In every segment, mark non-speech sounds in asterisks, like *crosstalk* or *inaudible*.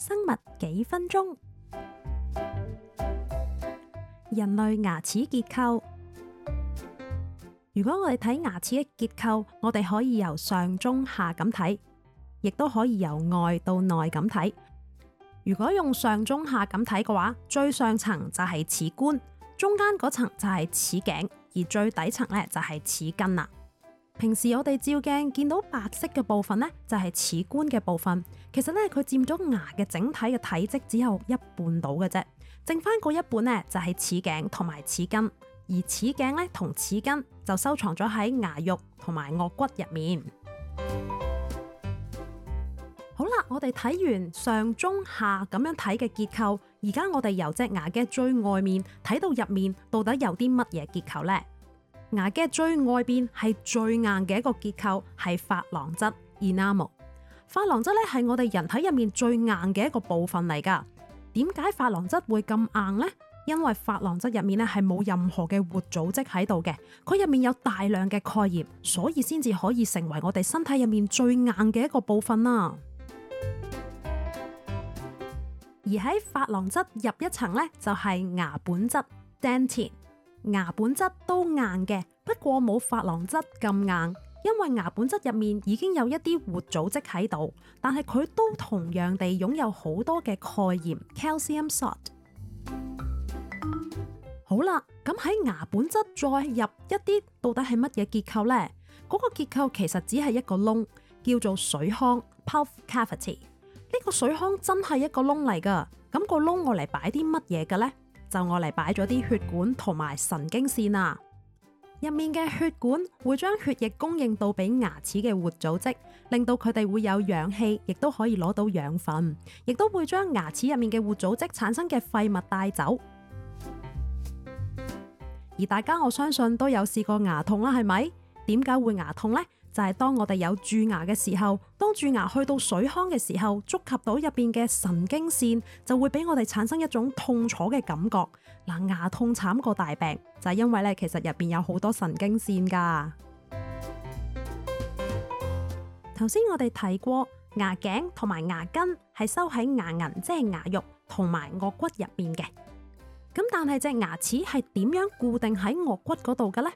生物幾分鐘，人類牙齒結構。如果我哋睇牙齒嘅結構，我哋可以由上中下咁睇，亦都可以由外到內咁睇。如果用上中下咁睇嘅話，最上層就係齒冠，中間嗰層就係齒頸，而最底層呢就係齒根啦。平時我哋照鏡見到白色嘅部分呢，就係齒冠嘅部分。其實呢，佢佔咗牙嘅整體嘅體積只有一半到嘅啫，剩翻嗰一半呢，就係齒頸同埋齒根。而齒頸呢，同齒根就收藏咗喺牙肉同埋顎骨入面。好啦，我哋睇完上中下咁樣睇嘅結構，而家我哋由隻牙嘅最外面睇到入面，到底有啲乜嘢結構呢？牙嘅最外邊係最硬嘅一個結構，係珐琅質 enamel。珐琅質咧，係我哋人體入面最硬嘅一個部分嚟噶。點解珐琅質會咁硬呢？因為珐琅質入面咧，係冇任何嘅活組織喺度嘅，佢入面有大量嘅鈣鹽，所以先至可以成為我哋身體入面最硬嘅一個部分啊。而喺珐琅質入一層咧，就係牙本質 dentin。Dent 牙本質都硬嘅，不過冇珐琅質咁硬，因為牙本質入面已經有一啲活組織喺度，但係佢都同樣地擁有多鹽 *music* 好多嘅鈣鹽 （calcium salt）。好啦，咁喺牙本質再入一啲，到底係乜嘢結構呢？嗰、那個結構其實只係一個窿，叫做水腔 （pulp c a f i t y 呢個水腔真係一個窿嚟噶，咁、那個窿我嚟擺啲乜嘢嘅呢？就我嚟擺咗啲血管同埋神經線啊，入面嘅血管會將血液供應到俾牙齒嘅活組織，令到佢哋會有氧氣，亦都可以攞到養分，亦都會將牙齒入面嘅活組織產生嘅廢物帶走。而大家我相信都有試過牙痛啦，係咪？點解會牙痛呢？就係當我哋有蛀牙嘅時候，當蛀牙去到髓腔嘅時候，觸及到入邊嘅神經線，就會俾我哋產生一種痛楚嘅感覺。嗱，牙痛慘過大病，就係因為咧，其實入邊有好多神經線噶。頭先 *music* 我哋提過，牙頸同埋牙根係收喺牙齦，即係牙肉同埋顎骨入邊嘅。咁但係隻牙齒係點樣固定喺顎骨嗰度嘅呢？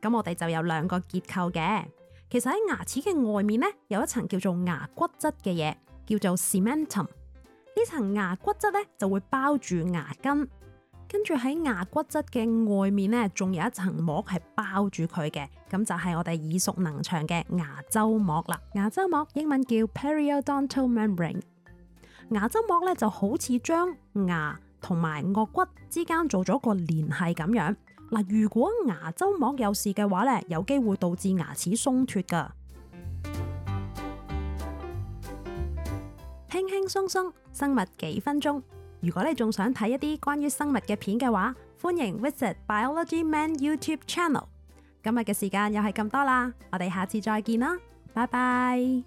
咁我哋就有兩個結構嘅。其實喺牙齒嘅外面呢，有一層叫做牙骨質嘅嘢，叫做 cementum。呢層牙骨質呢，就會包住牙根，跟住喺牙骨質嘅外面呢，仲有一層膜係包住佢嘅，咁就係我哋耳熟能詳嘅牙周膜啦。牙周膜英文叫 periodontal membrane。牙周膜呢，就好似將牙同埋顎骨之間做咗個聯繫咁樣。嗱，如果牙周膜有事嘅話咧，有機會導致牙齒鬆脫㗎。輕輕鬆鬆，生物幾分鐘。如果你仲想睇一啲關於生物嘅片嘅話，歡迎 visit Biology Man YouTube channel。今日嘅時間又係咁多啦，我哋下次再見啦，拜拜。